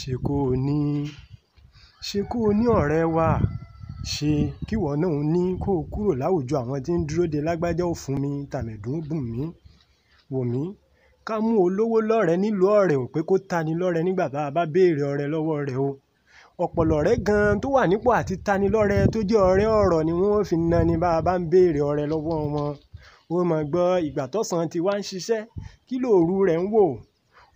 ṣe kó o ní, ṣe kó o ní ọ̀rẹ́ wà, ṣe kí ìwọ náà ní kó o kúrò láwùjọ àwọn tí ń dúró de lágbájá ó mi, tàmẹ̀dún bùn mí, wò mí. Ká mú olówó lọ́rẹ̀ẹ́ nílùú ọ̀rẹ́ ò pé kó tani lọ́rẹ̀ẹ́ nígbà bá a bá béèrè ọ̀rẹ́ lọ́wọ́ rẹ̀ o. Ọ̀pọ̀lọ́ ọ̀rẹ́ gan tó wà nípò àti tani lọ́rẹ̀ẹ́ tó jẹ́ ọ̀rẹ́ ọ̀rọ̀ ni wọ́n fi na ni bá a bá ń béèrè ọ̀rẹ́ lọ́wọ́ wọn. Ó mọ gbọ́ ìgbà tọ̀sán ti wá ń ṣiṣẹ́, kí lóru rẹ̀ ń wò?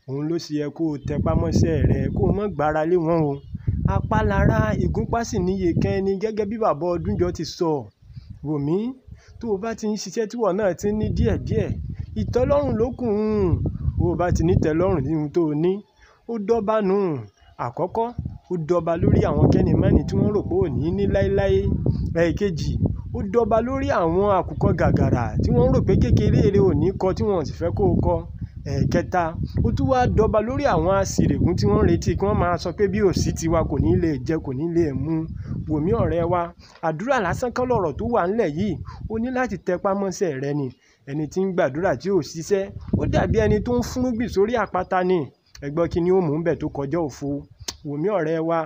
òun ló ṣe yẹ kó o tẹpámọ́ṣẹ́ rẹ kó o má gbára lé wọn o. Apá lára ìgúnpá sì níye ikan ẹni gẹ́gẹ́ bí bàbá Ọdúnjọ́ ti sọ. Wò mí, tó o bá ti ń ṣiṣẹ́ tí ìwọ náà ti ní díẹ̀díẹ̀, ìtẹ́lọ́rùn ló kù ún. o bá ti ní ìtẹ́lọ́rùn nínú tó o ní, ó dọ́ba nù un. Àkọ́kọ́, ó dọ́ba lórí àwọn kẹ́nimọ́nì tí wọ́n rò pé ò ní ní láéláé. Ẹ̀ẹ̀kejì, ó dọ́ba lórí àwọn àkùkọ gàgàrà tí wọ́n rò pé kékeré rẹ ò kọ tí wọ́n sì fẹ́ kó o kọ ẹ̀ẹ̀kẹta ó tún wáá dọba lórí àwọn àsìrègùn tí wọ́n ń retí kí wọ́n máa sọ pé bí òsì tiwa kò ní lè jẹ kò ní lè mu wòmí ọ̀rẹ́ wa àdúrà lásán kọ́ lọ̀rọ̀ tó wà ńlẹ̀ yìí ó ní láti tẹpá mọ́ṣẹ́ rẹ ni ẹni tí ń gbàdúrà tí ò ṣiṣẹ́ ó dàbí ẹni tó ń fúnrúgbìn sórí àpáta ni ẹgbọ́n kí ni ó mú ń bẹ̀ tó kọjá òfo wòmí ọ̀rẹ́ wa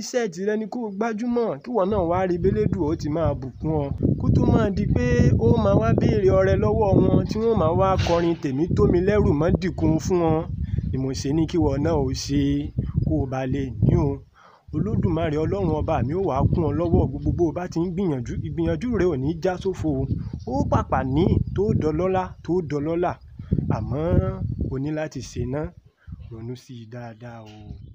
Iṣẹ́ tìrẹ ni kó gbájúmọ̀ kí ìwọ náà wá rí bí eléèdúà ó ti máa bùkún ọ. Kó tó máa di pé ó máa wá béèrè ọrẹ lọ́wọ́ wọn tí wọ́n máa wá kọrin tèmi tó mi lẹ́rù mọ́ dìkun fún wọn. Ni mo ṣe ní kí ìwọ náà ó ṣe kó ba lè ní òun. Olódùmarè Ọlọ́run ọba mi ó wá kún ọ lọ́wọ́ gbogbo bó bá ti ń gbìyànjú. Ìgbìyànjú rẹ ò ní já sófo o. Ó pàpà ní tó dọlọ́lá tó dọlọ́lá. Àmọ́ o ní láti ṣe ná. Ronú sí i dáadáa o.